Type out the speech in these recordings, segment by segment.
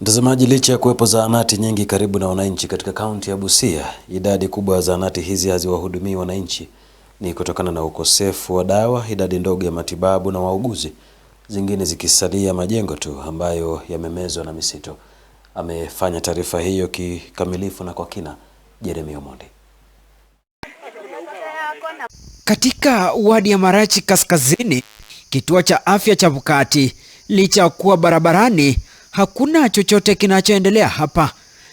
Mtazamaji, licha ya kuwepo zahanati nyingi karibu na wananchi katika kaunti ya Busia, idadi kubwa ya zahanati hizi haziwahudumii wananchi. Ni kutokana na ukosefu wa dawa, idadi ndogo ya matibabu na wauguzi, zingine zikisalia majengo tu ambayo yamemezwa na misitu. Amefanya taarifa hiyo kikamilifu na kwa kina Jeremy Omondi. Katika wadi ya Marachi Kaskazini, kituo cha afya cha Bukati, licha ya kuwa barabarani hakuna chochote kinachoendelea hapa.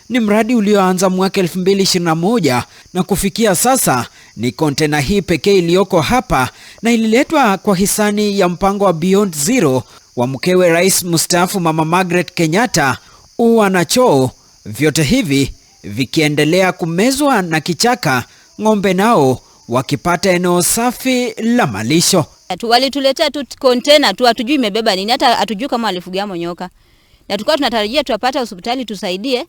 Ni mradi ulioanza mwaka 2021 na kufikia sasa ni kontena hii pekee iliyoko hapa na ililetwa kwa hisani ya mpango wa Beyond Zero wa mkewe rais mstaafu Mama Margaret Kenyatta. Ua na choo vyote hivi vikiendelea kumezwa na kichaka, ng'ombe nao wakipata eneo safi la malisho. Walituletea tu kontena tu, hatujui imebeba nini, hata hatujui kama walifugia monyoka na tulikuwa tunatarajia tuwapata hospitali tusaidie.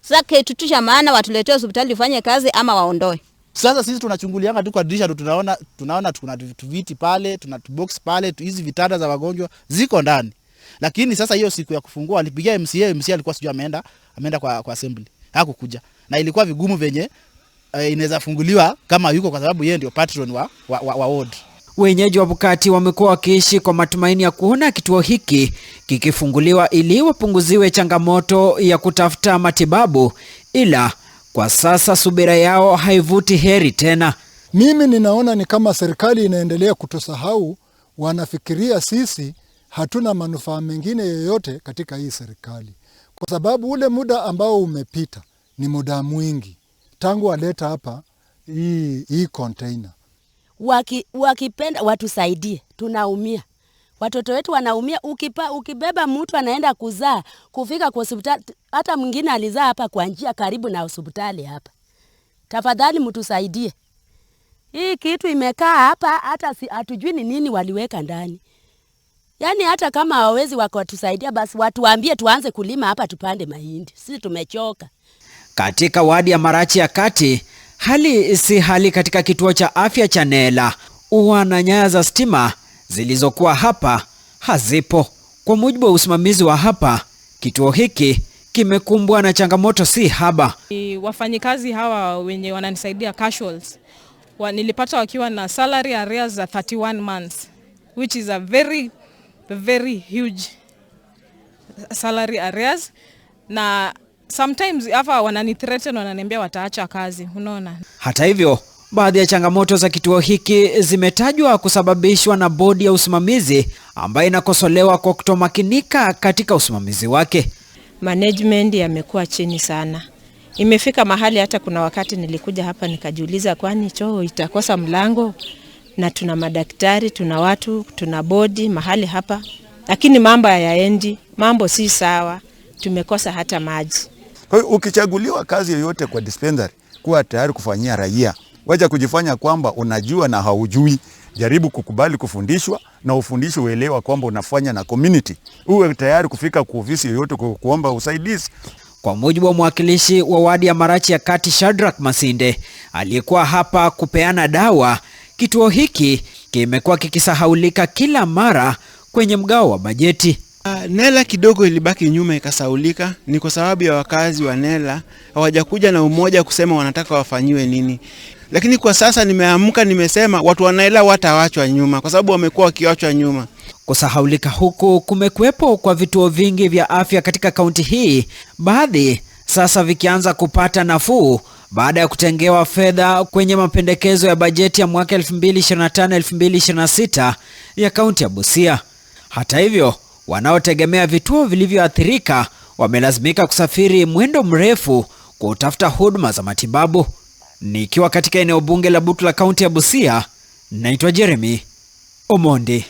Sasa ketutusha maana watuletee hospitali tufanye kazi ama waondoe. Sasa sisi tunachungulianga tu kwa dirisha tu, tunaona tunaona tuna viti pale, tuna box pale, hizi vitanda za wagonjwa ziko ndani. Lakini sasa hiyo siku ya kufungua alipigia MCA, MCA alikuwa sijui ameenda ameenda kwa, kwa assembly. Hakukuja. Na ilikuwa vigumu venye eh, inaweza funguliwa kama yuko kwa sababu yeye ndio patron wa, wa, wa, wa ward. Wenyeji wa Bukati wamekuwa wakiishi kwa matumaini ya kuona kituo hiki kikifunguliwa ili wapunguziwe changamoto ya kutafuta matibabu, ila kwa sasa subira yao haivuti heri tena. Mimi ninaona ni kama serikali inaendelea kutusahau, wanafikiria sisi hatuna manufaa mengine yoyote katika hii serikali, kwa sababu ule muda ambao umepita ni muda mwingi tangu waleta hapa hii hii container waki, wakipenda watusaidie, tunaumia watoto wetu wanaumia. Ukipa, ukibeba mtu anaenda kuzaa kufika kwa hospitali, hata mwingine alizaa hapa kwa njia karibu na hospitali hapa. Tafadhali mtusaidie, hii kitu imekaa hapa, hata si, hatujui ni nini waliweka ndani. Yani hata kama hawawezi wakatusaidia, basi watuambie tuanze kulima hapa, tupande mahindi, sisi tumechoka. Katika wadi ya Marachi ya Kati Hali si hali katika kituo cha afya cha nela Ua na nyaya za stima zilizokuwa hapa hazipo. Kwa mujibu wa usimamizi wa hapa, kituo hiki kimekumbwa na changamoto si haba. Wafanyikazi hawa wenye wananisaidia casuals wa, nilipata wakiwa na salary arrears za 31 months which is a very very huge salary arrears na Sometimes hapa wanani threaten wananiambia wataacha kazi, unaona. Hata hivyo, baadhi ya changamoto za kituo hiki zimetajwa kusababishwa na bodi ya usimamizi ambayo inakosolewa kwa kutomakinika katika usimamizi wake. Management yamekuwa chini sana. Imefika mahali hata kuna wakati nilikuja hapa nikajiuliza, kwani choo itakosa mlango? Na tuna madaktari, tuna watu, tuna bodi mahali hapa, lakini mambo hayaendi. Mambo si sawa, tumekosa hata maji. Kwa hiyo ukichaguliwa kazi yoyote kwa dispensary, kuwa tayari kufanyia raia. Wacha kujifanya kwamba unajua na haujui. Jaribu kukubali kufundishwa na ufundishi, uelewa kwamba unafanya na community. Uwe tayari kufika kwa ofisi yoyote kuomba usaidizi. Kwa mujibu wa mwakilishi wa wadi ya Marachi ya Kati, Shadrack Masinde, aliyekuwa hapa kupeana dawa, kituo hiki kimekuwa kikisahaulika kila mara kwenye mgao wa bajeti. Uh, Nela kidogo ilibaki nyuma ikasaulika, ni kwa sababu ya wakazi wa Nela hawajakuja na umoja kusema wanataka wafanyiwe nini. Lakini kwa sasa nimeamka, nimesema watu wa Nela watawachwa nyuma, kwa sababu wamekuwa wakiachwa nyuma. Kusahaulika huku kumekuwepo kwa vituo vingi vya afya katika kaunti hii, baadhi sasa vikianza kupata nafuu baada ya kutengewa fedha kwenye mapendekezo ya bajeti ya mwaka 2025-2026 ya kaunti ya Busia. Hata hivyo wanaotegemea vituo vilivyoathirika wamelazimika kusafiri mwendo mrefu kutafuta huduma za matibabu. Nikiwa katika eneo bunge la Butula, kaunti ya Busia, naitwa Jeremy Omondi.